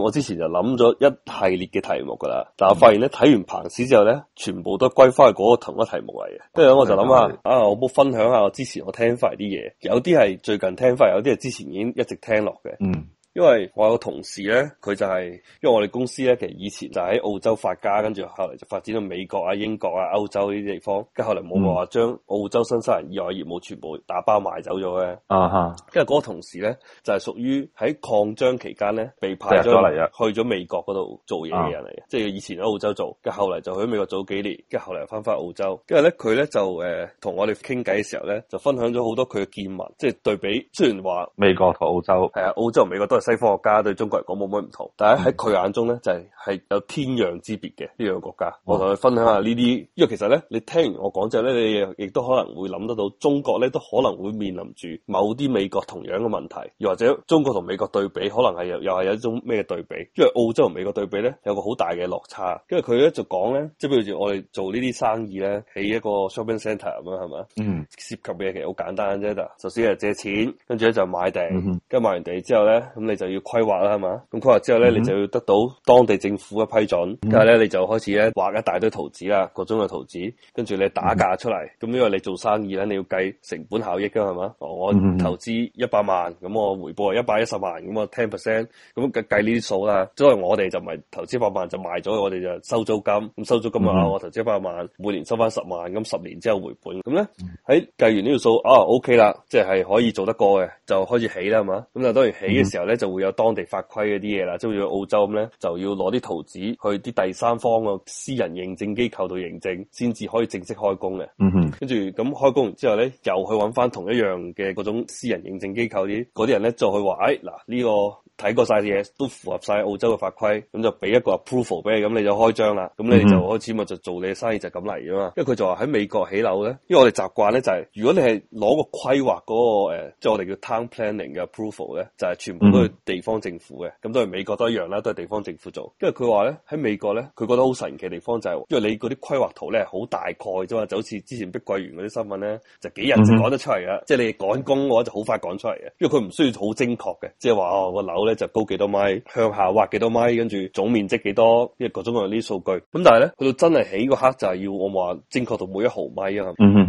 我之前就諗咗一系列嘅題目噶啦，但係發現咧睇完彭氏之後咧，全部都歸翻去嗰個同一題目嚟嘅。跟住我就諗下是的 啊，我冇分享下我之前我聽翻啲嘢，有啲係最近聽翻，有啲係之前已經一直聽落嘅。嗯。因為我有個同事咧，佢就係、是，因為我哋公司咧，其實以前就喺澳洲發家，跟住後嚟就發展到美國啊、英國啊、歐洲呢啲地方。跟後嚟冇話將澳洲新西蘭以外業務全部打包賣走咗嘅。啊哈、嗯！跟住嗰個同事咧，就係、是、屬於喺擴張期間咧，被派咗嚟啊，去咗美國嗰度做嘢嘅人嚟嘅，嗯、即係以前喺澳洲做，跟後嚟就去美國做幾年，跟後嚟又翻返澳洲。呢呃、跟住咧，佢咧就誒同我哋傾偈嘅時候咧，就分享咗好多佢嘅見聞，即係對比。雖然話美國同澳洲係啊，澳洲同美國都。西方國家對中國嚟講冇乜唔同，但係喺佢眼中咧就係、係、係有天壤之別嘅呢兩個國家。我同佢分享下呢啲，因為其實咧你聽完我講之後咧，你亦都可能會諗得到中國咧都可能會面臨住某啲美國同樣嘅問題，又或者中國同美國對比，可能係又又係有種咩對比？因為澳洲同美國對比咧有個好大嘅落差。因為佢咧就講咧，即係譬如我哋做呢啲生意咧，起一個 shopping centre 咁樣，係咪？嗯，涉及嘅嘢其實好簡單啫，但首先係借錢，跟住咧就買地，跟住、嗯、買完地之後咧你就要規劃啦，係嘛？咁規劃之後咧，你就要得到當地政府嘅批准，跟住咧你就開始咧畫一大堆圖紙啦，各種嘅圖紙，跟住你打價出嚟。咁、嗯、因為你做生意咧，你要計成本效益噶，係嘛？我投資一百萬，咁我回報一百一十萬，咁我 ten percent，咁計計呢啲數啦。因為我哋就唔係投資一百萬就賣咗，我哋就收租金。咁收租金嘅話、嗯、我投資一百萬，每年收翻十萬，咁十年之後回本。咁咧喺計完呢條數，啊 OK 啦，即係可以做得過嘅，就開始起啦，係嘛？咁就當然起嘅時候咧。就會有當地法規嗰啲嘢啦，即係好似澳洲咁咧，就要攞啲圖紙去啲第三方個私人認證機構度認證，先至可以正式開工嘅。嗯哼、mm，跟住咁開工之後咧，又去揾翻同一樣嘅嗰種私人認證機構啲嗰啲人咧，就去話，哎嗱呢個。睇過晒啲嘢都符合晒澳洲嘅法規，咁就俾一個 approval 俾你，咁你就開張啦。咁你就開始咪就做你嘅生意就咁嚟㗎嘛。因為佢就話喺美國起樓咧，因為我哋習慣咧就係、是、如果你係攞個規劃嗰、嗰個即係、呃即係、我哋叫 town planning 嘅 approval 咧，就係、是、全部都係地方政府嘅。咁、嗯、都係美國都一樣啦，都係地方政府做。因為佢話咧喺美國咧，佢覺得好神奇嘅地方就係、是、因為你嗰啲規劃圖咧好大概啫嘛，就好似之前碧桂園嗰啲新聞咧就幾日就講得出嚟㗎，即係、嗯嗯、你趕工嘅話就好快講出嚟嘅。因為佢唔需要好精確嘅，即係話哦、嗰個樓咧。就高幾多米，向下挖幾多米，跟住總面積幾多，即係各種各樣啲數據。咁但係咧，去到真係起個刻就係、是、要我話精確到每一毫米啊。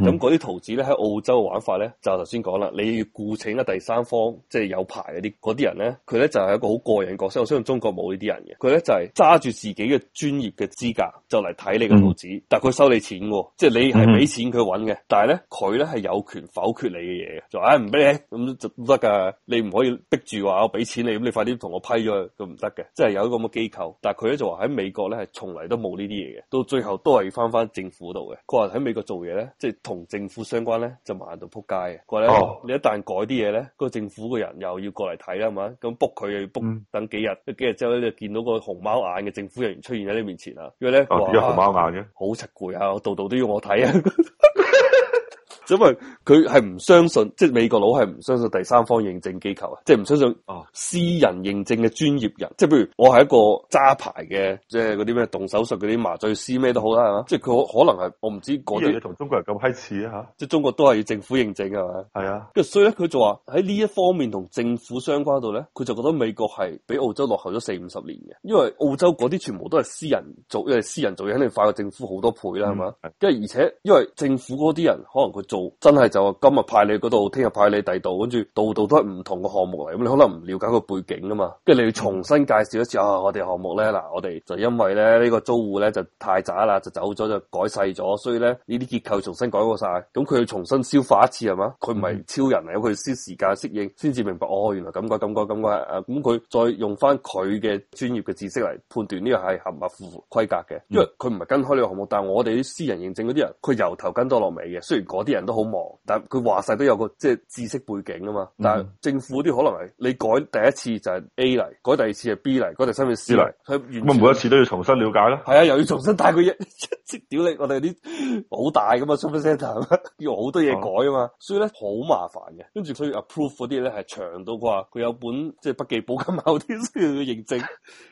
咁嗰啲圖紙咧喺澳洲嘅玩法咧，就頭先講啦。你要雇請啊第三方，即係有牌嗰啲啲人咧，佢咧就係一個好個人角色。我相信中國冇呢啲人嘅，佢咧就係揸住自己嘅專業嘅資格就嚟睇你嘅圖紙。嗯、但係佢收你錢嘅，即、就、係、是、你係俾錢佢搵嘅。但係咧，佢咧係有權否決你嘅嘢，就唉唔俾你咁都得噶。你唔可以逼住話我俾錢你。你快啲同我批咗，佢唔得嘅，即係有一個咁嘅機構，但係佢咧就話喺美國咧係從嚟都冇呢啲嘢嘅，到最後都係要翻翻政府度嘅。佢話喺美國做嘢咧，即係同政府相關咧就慢到撲街嘅。佢話咧，oh. 你一旦改啲嘢咧，個政府嘅人又要過嚟睇啦，係嘛？咁 book 佢又要 book，等幾日，mm. 幾日之後咧就見到個熊貓眼嘅政府人員出現喺你面前啊！因為咧，哦，變熊貓眼嘅，好柒攰啊！度度說、啊啊、都要我睇啊！ 因為佢係唔相信，即係美國佬係唔相信第三方認證機構啊，即係唔相信啊私人認證嘅專業人，即係譬如我係一個揸牌嘅，即係嗰啲咩動手術嗰啲麻醉師咩都好啦，係嘛？即係佢可能係我唔知嗰樣嘢同中國人咁閪似啊吓，即係中國都係要政府認證嘅係嘛？係啊，跟住所以咧佢就話喺呢一方面同政府相關度咧，佢就覺得美國係比澳洲落後咗四五十年嘅，因為澳洲嗰啲全部都係私人做，因為私人做嘢肯定快過政府好多倍啦，係嘛？跟住、嗯、而且因為政府嗰啲人可能佢做。真係就今日派你嗰度，聽日派你第度，跟住度度都係唔同嘅項目嚟，咁你可能唔了解個背景啊嘛，跟住你要重新介紹一次啊。我哋項目咧，嗱，我哋就因為咧呢、這個租戶咧就太渣啦，就走咗就改細咗，所以咧呢啲結構重新改過晒，咁、嗯、佢要重新消化一次係嘛，佢唔係超人嚟，佢要先時間適應先至明白哦，原來咁個咁個咁個誒，咁佢、啊嗯、再用翻佢嘅專業嘅知識嚟判斷呢個係合唔合符規格嘅，因為佢唔係跟開呢個項目，但係我哋啲私人認證嗰啲人，佢由頭跟多落尾嘅，雖然嗰啲人好忙、嗯， 但佢話晒都有個即係知識背景啊嘛。但係政府啲可能係你改第一次就係 A 嚟，改第二次係 B 嚟，改第三次係 C 嚟。佢原本每一次都要重新了解啦。係 啊，又要重新帶佢一一啲條例我哋啲好大咁嘛，super centre 要好多嘢改啊嘛，所以咧好麻煩嘅。跟住所以 approve 嗰啲咧係長到啩，佢有本即係筆記簿咁，有啲需要去認證。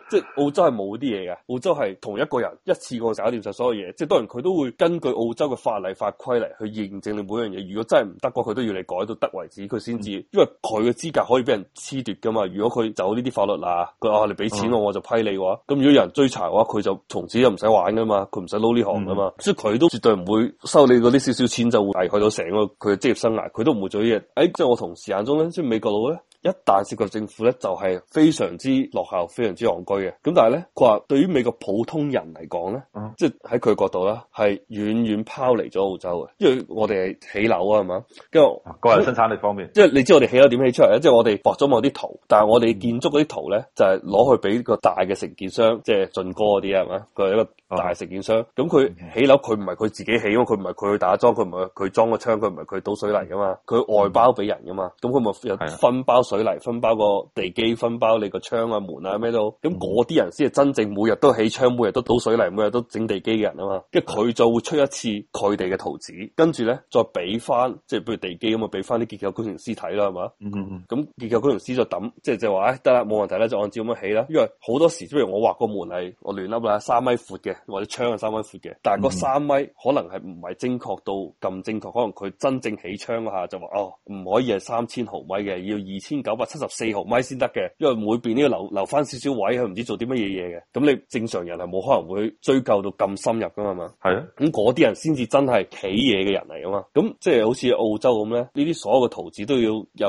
即係、 就是、澳洲係冇啲嘢噶，澳洲係同一個人一次過搞掂晒所有嘢。即、就、係、是、當然佢都會根據澳洲嘅法例法規嚟去認證。每樣嘢，如果真係唔得過，佢都要你改到得為止，佢先知，嗯、因為佢嘅資格可以俾人褫奪噶嘛。如果佢走呢啲法律啦、啊，佢話，你俾錢我、啊，我就批你嘅、啊、話，咁、嗯、如果有人追查嘅話，佢就從此又唔使玩噶嘛，佢唔使撈呢行噶嘛，所以佢都絕對唔會收你嗰啲少少錢就會危害到成個佢嘅職業生涯，佢都唔會做呢樣。誒、哎，即係我同事眼中咧，即係美國佬咧。一旦涉及政府咧，就係、是、非常之落後，非常之戇居嘅。咁但係咧，佢話對於美國普通人嚟講咧，即係喺佢角度咧，係遠遠拋離咗澳洲嘅。因為我哋起樓啊，係嘛，跟住個人生產力方面，即係你知我哋起樓點起出嚟咧，即、就、係、是、我哋畫咗我啲圖，但係我哋建築嗰啲圖咧，就係攞去俾個大嘅承建商，即係晉哥嗰啲係嘛，佢係一個大承建商。咁佢、嗯嗯、起樓佢唔係佢自己起咯，佢唔係佢去打樁，佢唔係佢裝個窗，佢唔係佢倒水泥噶嘛，佢外包俾人噶嘛。咁佢咪有分包？水泥分包個地基，分包你個窗啊、門啊、咩都，咁嗰啲人先係真正每日都起窗，每日都倒水泥，每日都整地基嘅人啊嘛。跟住佢就會出一次佢哋嘅圖紙，跟住咧再俾翻，即係譬如地基啊嘛，俾翻啲結構工程師睇啦，係嘛。嗯嗯、mm。咁、hmm. 結構工程師就等，即係就話，哎得啦，冇問題啦，就按照咁樣起啦。因為好多時，比如我畫個門係我亂凹啦，三米闊嘅，或者窗係三米闊嘅，但係嗰三米可能係唔係精確到咁正確，可能佢真正，真正起窗下就話，哦唔可以係三千毫米嘅，要二千九百七十四毫米先得嘅，因為每邊呢個留留翻少少位，佢唔知做啲乜嘢嘢嘅。咁你正常人係冇可能會追究到咁深入噶嘛？係咯。咁嗰啲人先至真係起嘢嘅人嚟噶嘛？咁、嗯、即係好似澳洲咁咧，呢啲所有嘅圖紙都要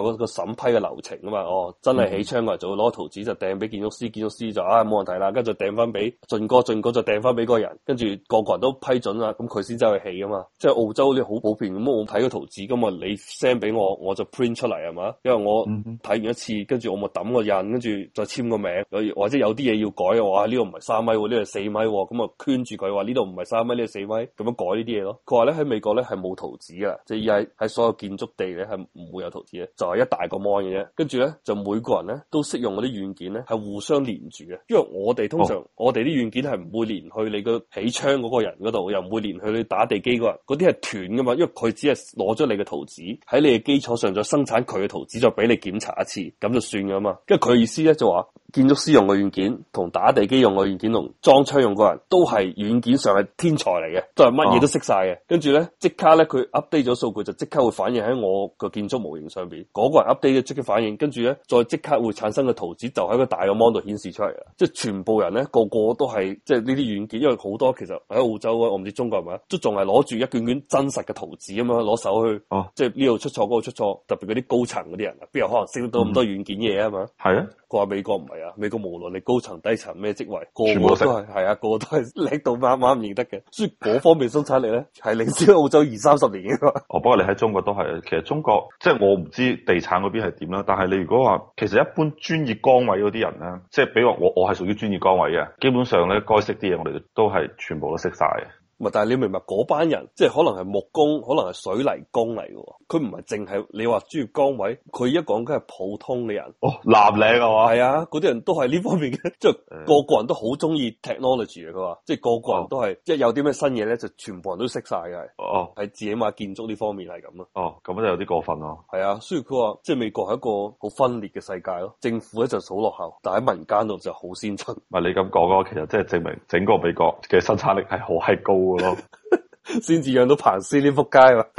有一個審批嘅流程噶嘛？哦，真係起槍嗰嚟就攞圖紙就掟俾建築師，建築師就啊冇問題啦，跟住掟翻俾盡個盡個就掟翻俾個人，跟住個個人都批准啦，咁佢先走去起噶嘛、嗯？即係澳洲啲好普遍咁、嗯，我睇個圖紙咁啊，你 send 俾我，我就 print 出嚟係嘛？因為我。嗯睇完一次，跟住我咪抌個印，跟住再簽個名，或者有啲嘢要改嘅話，呢度唔係三米喎，呢度四米喎，咁啊圈住佢話呢度唔係三米，呢度四米，咁樣改呢啲嘢咯。佢話咧喺美國咧係冇圖紙㗎，即係喺喺所有建築地咧係唔會有圖紙嘅，就係、是、一大個芒嘅啫。跟住咧就每個人咧都識用嗰啲軟件咧係互相連住嘅，因為我哋通常、哦、我哋啲軟件係唔會連去你嘅起窗嗰個人嗰度，又唔會連去你打地基嗰人，嗰啲係斷㗎嘛，因為佢只係攞咗你嘅圖紙喺你嘅基礎上再生產佢嘅圖紙再俾你檢查。打一次咁就算噶嘛，跟住佢意思咧就話、是，建築師用嘅軟件同打地基用嘅軟件同裝窗用個人，都係軟件上係天才嚟嘅，都係乜嘢都識晒嘅。跟住咧即刻咧佢 update 咗數據就即刻會反映喺我個建築模型上邊，嗰、那個人 update 嘅即刻反應，跟住咧再即刻會產生嘅圖紙就喺個大個 model 度顯示出嚟啦，即係全部人咧個個都係即係呢啲軟件，因為好多其實喺澳洲啊，我唔知中國係咪都仲係攞住一卷卷真實嘅圖紙啊嘛，攞手去，啊、即係呢度出錯，嗰度出錯，特別嗰啲高層嗰啲人啊，邊有可能用到咁多軟件嘢啊嘛，係啊，佢話、啊、美國唔係啊，美國無論你高層低層咩職位，個個都係係啊，個個都係叻到啱啱認得嘅，所以嗰方面生產力咧，係 領先澳洲二三十年嘅。哦，不過你喺中國都係，其實中國即係、就是、我唔知地產嗰邊係點啦，但係你如果話，其實一般專業崗位嗰啲人咧，即、就、係、是、比如話我我係屬於專業崗位嘅，基本上咧該識啲嘢，我哋都係全部都識晒。但係你明唔明嗰班人，即係可能係木工，可能係水泥工嚟嘅喎。佢唔係淨係你話專業崗位，佢一講佢係普通嘅人。哦，藍領係嘛？係啊，嗰啲人都係呢方面嘅，即係個個人都好中意 technology 嘅佢話。即係個個人都係，哦、即係有啲咩新嘢咧，就全部人都識晒嘅。哦，係自己買建築呢方面係咁啊。哦，咁就有啲過分咯。係啊，所以佢話即係美國係一個好分裂嘅世界咯。政府咧就好落後，但喺民間度就好先進。唔，你咁講啊，其實即係證明整個美國嘅生產力係好係高。先至養到彭斯呢撲街嘛～